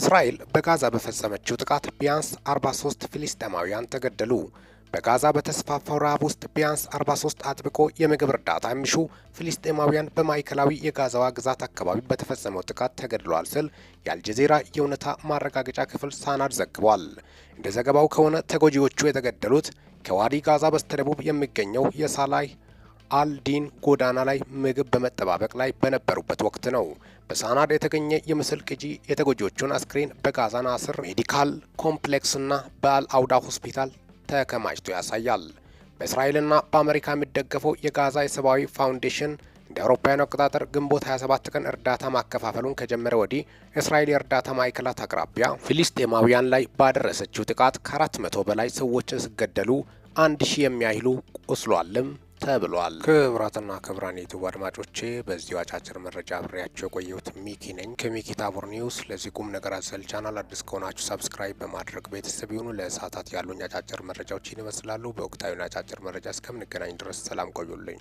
እስራኤል በጋዛ በፈጸመችው ጥቃት ቢያንስ 43 ፊሊስጤማውያን ተገደሉ። በጋዛ በተስፋፋው ረሃብ ውስጥ ቢያንስ 43 አጥብቆ የምግብ እርዳታ የሚሹ ፊሊስጤማውያን በማዕከላዊ የጋዛዋ ግዛት አካባቢ በተፈጸመው ጥቃት ተገድለዋል ስል የአልጀዚራ የእውነታ ማረጋገጫ ክፍል ሳናድ ዘግቧል። እንደ ዘገባው ከሆነ ተጎጂዎቹ የተገደሉት ከዋዲ ጋዛ በስተደቡብ የሚገኘው የሳላይ አልዲን ጎዳና ላይ ምግብ በመጠባበቅ ላይ በነበሩበት ወቅት ነው። በሳናድ የተገኘ የምስል ቅጂ የተጎጂዎቹን አስክሬን በጋዛ ናስር ሜዲካል ኮምፕሌክስና በአል አውዳ ሆስፒታል ተከማችቶ ያሳያል። በእስራኤልና በአሜሪካ የሚደገፈው የጋዛ የሰብአዊ ፋውንዴሽን እንደ አውሮፓውያን አቆጣጠር ግንቦት 27 ቀን እርዳታ ማከፋፈሉን ከጀመረ ወዲህ እስራኤል የእርዳታ ማዕከላት አቅራቢያ ፊሊስጤማውያን ላይ ባደረሰችው ጥቃት ከ400 በላይ ሰዎች ሲገደሉ አንድ ሺህ የሚያህሉ ቆስሏልም ተብሏል። ክብራትና ክብራን ዩቱብ አድማጮቼ በዚሁ አጫጭር መረጃ አብሬያቸው የቆየሁት ሚኪ ነኝ ከሚኪ ታቡር ኒውስ። ለዚህ ቁም ነገር አዘል ቻናል አዲስ ከሆናችሁ ሰብስክራይብ በማድረግ ቤተሰብ ይሁኑ። ለሰዓታት ያሉኝ አጫጭር መረጃዎችን ይመስላሉ። በወቅታዊና አጫጭር መረጃ እስከምንገናኝ ድረስ ሰላም ቆዩልኝ።